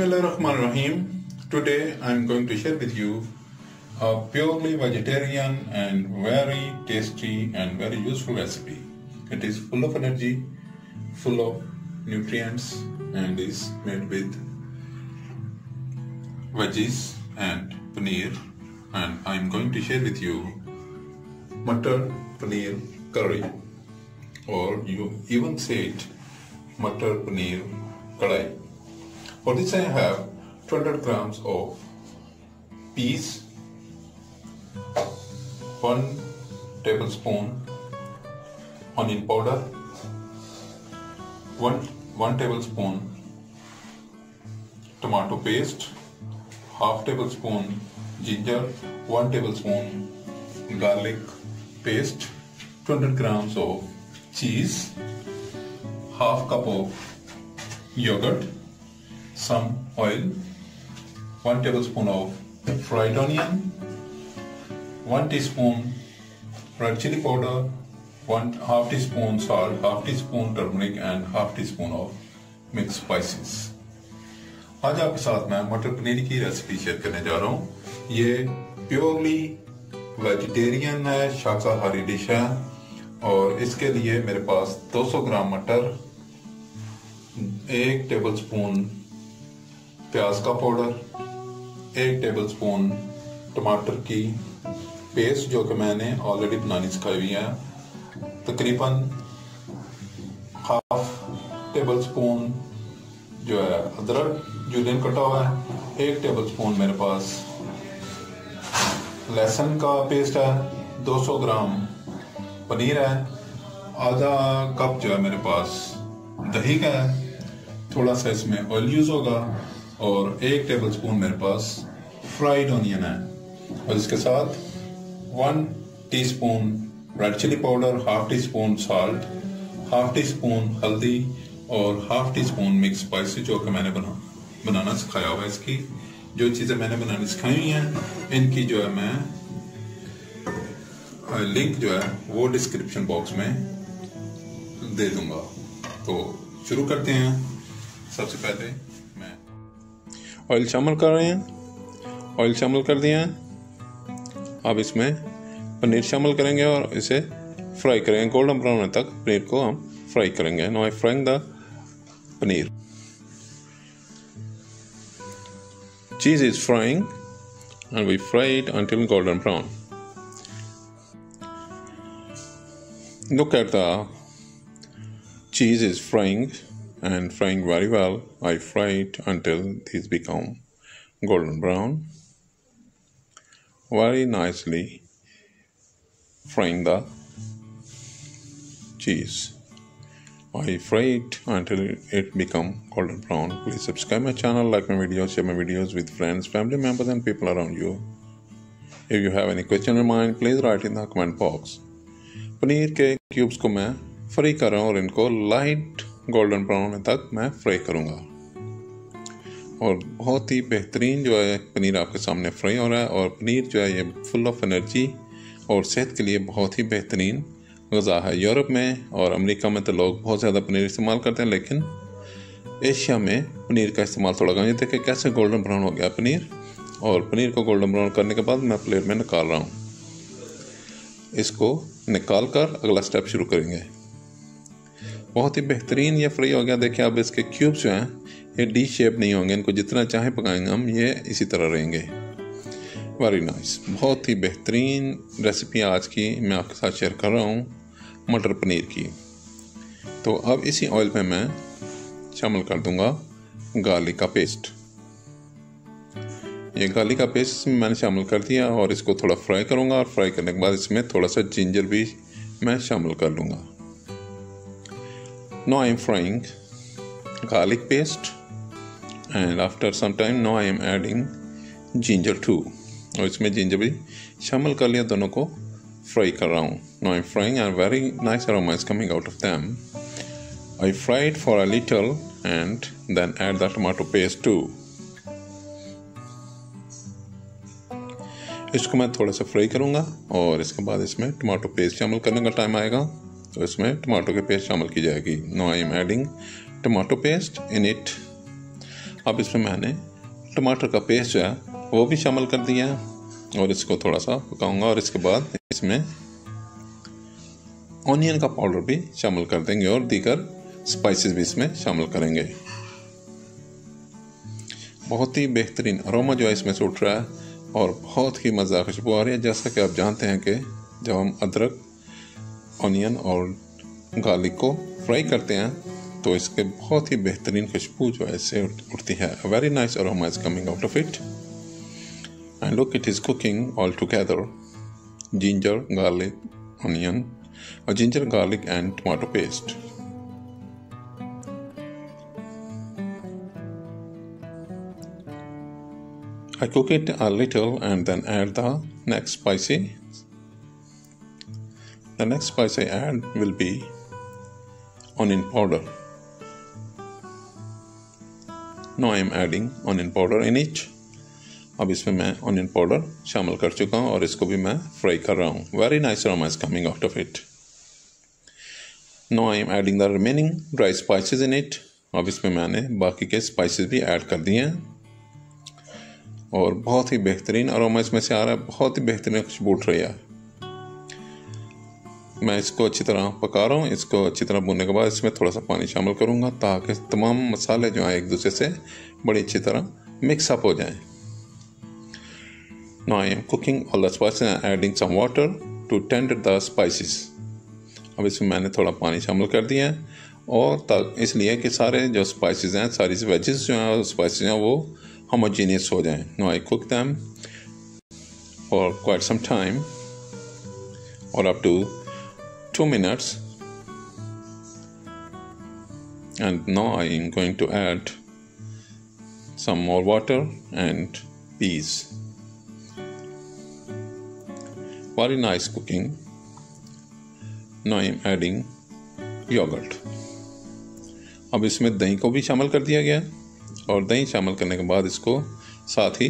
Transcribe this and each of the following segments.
Bismillah Rahman Rahim. Today I'm going to share with you a purely vegetarian and very tasty and very useful recipe. It is full of energy, full of nutrients, and is made with veggies and paneer. And I'm going to share with you mutter paneer curry, or you even say it mutter paneer kadai. For this I have 200 grams of peas, 1 tablespoon onion powder, 1, 1 tablespoon tomato paste, half tablespoon ginger, 1 tablespoon garlic paste, 200 grams of cheese, half cup of yogurt, some oil, one tablespoon of fried onion, one teaspoon red chili powder, one half teaspoon salt, half teaspoon turmeric and half teaspoon of mixed spices. आज आपके साथ मैं मटर पनीर की recipe share करने जा रहा हूँ ये प्योरली वेजिटेरियन है शाकाहारी डिश है और इसके लिए मेरे पास 200 ग्राम मटर एक टेबलस्पून प्याज का पाउडर एक टेबलस्पून टमाटर की पेस्ट जो कि मैंने ऑलरेडी बनानी सिखाई हुई है तकरीबन हाफ टेबल स्पून जो है अदरक जूलियन कटा हुआ है एक टेबल स्पून मेरे पास लहसुन का पेस्ट है 200 ग्राम पनीर है आधा कप जो है मेरे पास दही का है थोड़ा सा इसमें ऑयल यूज़ होगा और एक टेबल स्पून मेरे पास फ्राइड ऑनियन है और इसके साथ one teaspoon red chilli powder half teaspoon salt half teaspoon हल्दी और half teaspoon mix spicy जो कि मैंने बना बनाना सिखाया हुआ है इसकी जो चीज़ें मैंने बनानी सिखाई हुई हैं इनकी जो है मैं लिंक जो है वो डिस्क्रिप्शन बॉक्स में दे दूंगा तो शुरू करते हैं सबसे पहले ऑयल शामिल कर रहे हैं ऑयल शामिल कर दिया है अब इसमें पनीर शामिल करेंगे और इसे फ्राई करेंगे गोल्डन ब्राउन होने तक पनीर को हम फ्राई करेंगे now I frying the paneer cheese is frying and we fry it until golden brown. Look at the cheese is and frying very well. I fry it until these become golden brown. Very nicely frying the cheese. I fry it until it become golden brown. Please subscribe my channel, like my videos, share my videos with friends, family members and people around you. If you have any question in mind, please write in the comment box. Paneer ke cubes ko main fry kar raha हूँ golden brown तक मैं fry करूँगा और बहुत ही बेहतरीन जो है पनीर आपके सामने फ्राई हो रहा है और पनीर जो है ये फुल ऑफ एनर्जी और सेहत के लिए बहुत ही बेहतरीन गज़ा है यूरोप में और अमेरिका में तो लोग बहुत ज़्यादा पनीर इस्तेमाल करते हैं लेकिन एशिया में पनीर का इस्तेमाल थोड़ा कम ये देखें कैसे गोल्डन ब्राउन हो गया पनीर और पनीर को गोल्डन ब्राउन करने के बाद मैं प्लेट में निकाल रहा हूँ इसको निकाल कर अगला स्टेप शुरू करेंगे बहुत ही बेहतरीन ये फ्राई हो गया देखिए अब इसके क्यूब्स जो हैं ये डी शेप नहीं होंगे इनको जितना चाहे पकाएंगे हम ये इसी तरह रहेंगे वेरी नाइस बहुत ही बेहतरीन रेसिपी आज की मैं आपके साथ शेयर कर रहा हूँ मटर पनीर की तो अब इसी ऑयल पे मैं शामिल कर दूँगा गार्लिक का पेस्ट ये गार्लिक का पेस्ट इसमें मैंने शामिल कर दिया और इसको थोड़ा फ्राई करूँगा और फ्राई करने के बाद इसमें थोड़ा सा जिंजर भी मैं शामिल कर लूँगा now I am frying garlic paste and after some time now I am adding ginger to और इसमें जिंजर भी शामिल कर लिया दोनों को फ्राई कर रहा हूँ now I frying and very nice aroma is coming out of them I fried for a little and then add the tomato paste to इसको मैं थोड़ा सा फ्राई करूँगा और इसके बाद इसमें टमाटो पेस्ट शामिल करने का टाइम आएगा तो इसमें टमाटो की पेस्ट शामिल की जाएगी now I am adding tomato paste in it अब इसमें मैंने टमाटर का पेस्ट जो है वो भी शामिल कर दिया है और इसको थोड़ा सा पकाऊंगा और इसके बाद इसमें ऑनियन का पाउडर भी शामिल कर देंगे और दीकर स्पाइसेस भी इसमें शामिल करेंगे बहुत ही बेहतरीन अरोमा जो है इसमें से उठ रहा है और बहुत ही मज़ा खुशबू आ रही है जैसा कि आप जानते हैं कि जब हम अदरक ऑनियन और गार्लिक को फ्राई करते हैं तो इसके बहुत ही बेहतरीन खुशबू जो है इससे उठती है very nice aroma is coming out of it and look it is cooking all together ginger garlic onion और ginger garlic and tomato paste I cook it a little and then add the next spicy The next spice I add will be onion powder. Now I am adding onion powder in each. अब इसमें मैं onion powder शामिल कर चुका हूँ और इसको भी मैं फ्राई कर रहा हूँ very nice aroma is coming out of it now I am adding the remaining dry spices in it अब इसमें मैंने बाकी के स्पाइसेस भी ऐड कर दिए हैं और बहुत ही बेहतरीन अरोमा इसमें से आ रहा है बहुत ही बेहतरीन खुशबू उठ रही है मैं इसको अच्छी तरह पका रहा हूँ इसको अच्छी तरह भूनने के बाद इसमें थोड़ा सा पानी शामिल करूँगा ताकि तमाम मसाले जो हैं एक दूसरे से बड़ी अच्छी तरह मिक्सअप हो जाएँ now I am cooking all the spices adding some water to to the the अब इसमें मैंने थोड़ा पानी शामिल कर दिया है और इसलिए कि सारे जो स्पाइसेस हैं सारी वेजेस जो हैं स्पाइसेस हैं वो होमोजीनियस हो जाएं now I cook them for quite some time और up to two minutes and now I am going to add some more water and peas very nice cooking now I am adding yogurt अब इसमें दही को भी शामिल कर दिया गया और दही शामिल करने के बाद इसको साथ ही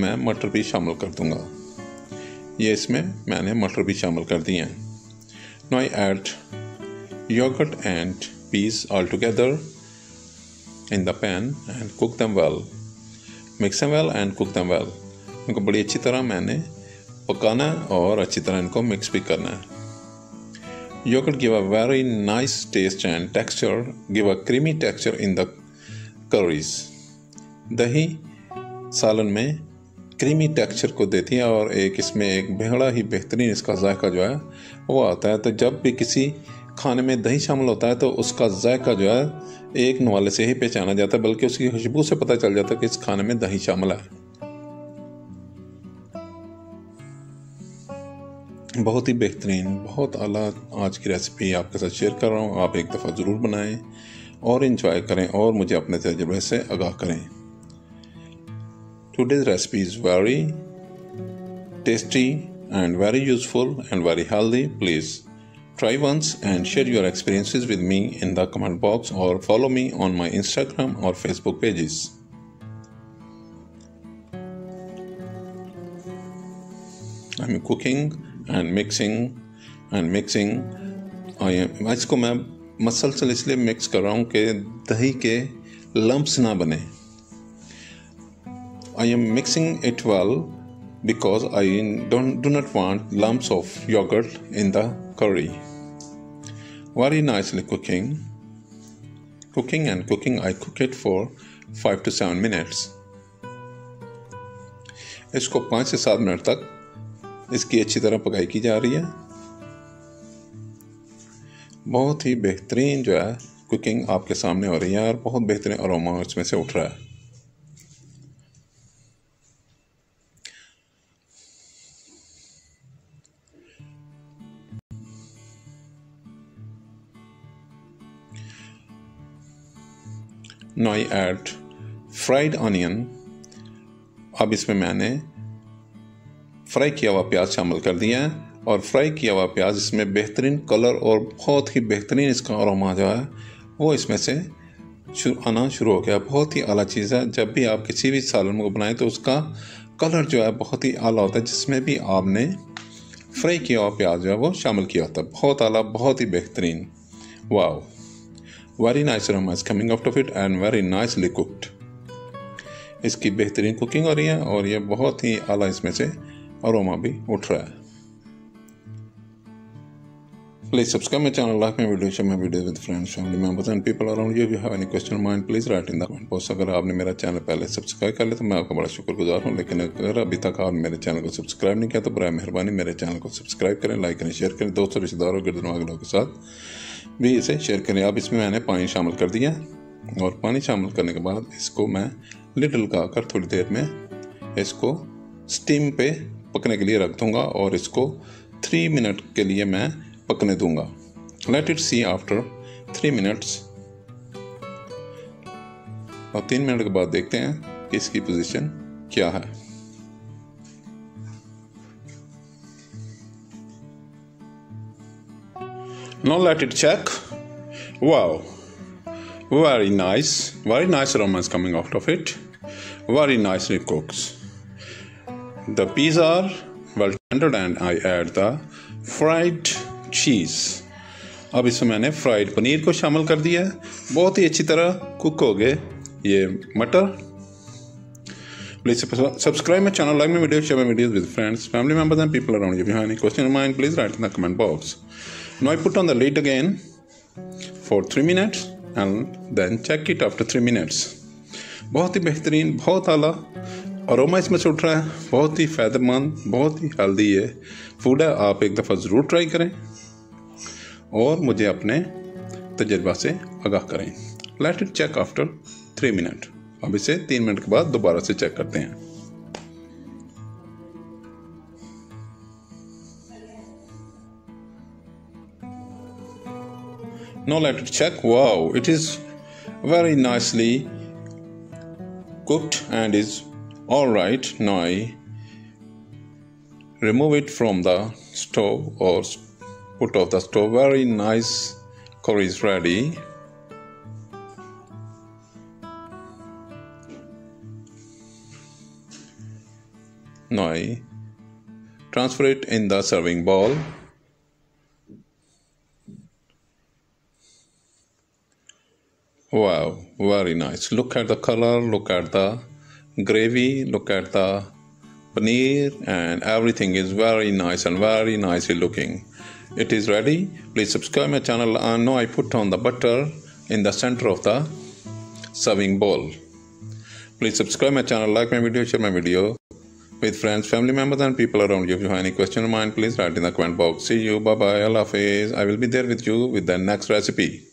मैं मटर भी शामिल कर दूंगा ये इसमें मैंने मटर भी शामिल कर दिए हैं Now I add yogurt and peas all together in the pan and cook them well. Mix them well and cook them well. इनको बड़ी अच्छी तरह मैंने पकाना है और अच्छी तरह इनको मिक्स भी करना है yogurt give a very nice taste and texture give a creamy texture in the curries दही सालन में क्रीमी टेक्सचर को देती है और एक इसमें एक बेहड़ा ही बेहतरीन इसका जायका जो है वो आता है तो जब भी किसी खाने में दही शामिल होता है तो उसका जायका जो है एक नवाले से ही पहचाना जाता है बल्कि उसकी खुशबू से पता चल जाता है कि इस खाने में दही शामिल है बहुत ही बेहतरीन बहुत अला आज की रेसिपी आपके साथ शेयर कर रहा हूँ आप एक दफ़ा ज़रूर बनाएं और इन्जॉय करें और मुझे अपने तजुर्बे से आगाह करें Today's recipe is very tasty and very useful and very healthy. Please try once and share your experiences with me in the comment box or follow me on my Instagram or Facebook pages. I'm cooking and mixing and mixing. I am इसको मैं मसलसल इसलिए mix कर रहा हूँ कि दही के lumps ना बने I am mixing it well because I don't, do not want lumps of yogurt in the curry. Very nicely cooking. Cooking and cooking, I cook it for 5 to 7 minutes. इसको 5 से 7 मिनट तक इसकी अच्छी तरह पकाई की जा रही है बहुत ही बेहतरीन जो है कुकिंग आपके सामने हो रही है और बहुत बेहतरीन अरोमा इसमें से उठ रहा है नॉई I फ्राइड ऑनियन अब इसमें मैंने फ्राई किया हुआ प्याज शामिल कर दिया है और फ्राई किया हुआ प्याज इसमें बेहतरीन कलर और बहुत ही बेहतरीन इसका अरोमा जो है वो इसमें से शुरू आना शुरू हो गया बहुत ही आला चीज़ है जब भी आप किसी भी सालन को बनाएं तो उसका कलर जो है बहुत ही आला होता है जिसमें भी आपने फ्राई किया हुआ प्याज जो है वो शामिल किया होता है बहुत आला बहुत ही बेहतरीन वाह very nice aroma coming out of it and very nicely cooked इसकी बेहतरीन कुकिंग हो रही है और ये बहुत ही आला इसमें से अरोमा भी उठ रहा है Please subscribe my channel, like my video, share my video with friends, family members and people around you. If you have any question in mind, please write in the comment box. अगर आपने मेरा channel पहले subscribe कर लिया तो मैं आपका बड़ा शुक्रगुजार हूँ लेकिन अगर अभी तक आपने मेरे चैनल को सब्सक्राइब नहीं किया तो बर मेहरबानी मेरे चैनल को सब्सक्राइब करें लाइक करें शेयर करें दोस्तों रिश्तेदारों गिरदनवागलों के साथ भी इसे शेयर करें अब इसमें मैंने पानी शामिल कर दिया और पानी शामिल करने के बाद इसको मैं लिटल का कर थोड़ी देर में इसको स्टीम पे पकने के लिए रख दूँगा और इसको थ्री मिनट के लिए मैं पकने दूँगा let it see after three minutes और तीन मिनट के बाद देखते हैं कि इसकी पोजीशन क्या है Now let it check. Wow, very nice, very nice romance coming out of it. Very nicely cooks. The peas are well tendered, and I add the fried cheese. अब इसमें मैंने फ्राइड पनीर को शामिल कर दिया है बहुत ही अच्छी तरह कुक हो गए ये matar please subscribe my channel like my video share my videos with friends family members and people around you behind question mind please write in the comment box Now I put on the lid again for three minutes and then check it after three minutes. बहुत ही बेहतरीन बहुत आला aroma इसमें छूट रहा है बहुत ही फ़ायदेमंद बहुत ही हेल्दी है फूड है आप एक दफ़ा ज़रूर ट्राई करें और मुझे अपने तजर्बा से आगाह करें let it check after three minute अब इसे तीन मिनट के बाद दोबारा से चेक करते हैं Now let it check. Wow, it is very nicely cooked and is all right. Now remove it from the stove or put off the stove. Very nice curry is ready. Now transfer it in the serving bowl. Wow, very nice. Look at the color, look at the gravy, look at the paneer, and everything is very nice and very nicely looking. It is ready. Please subscribe my channel. And now I put on the butter in the center of the serving bowl. Please subscribe my channel, like my video, share my video with friends, family members, and people around you. If you have any question in mind, please write in the comment box. See you. Bye bye. Allah Hafiz. I will be there with you with the next recipe.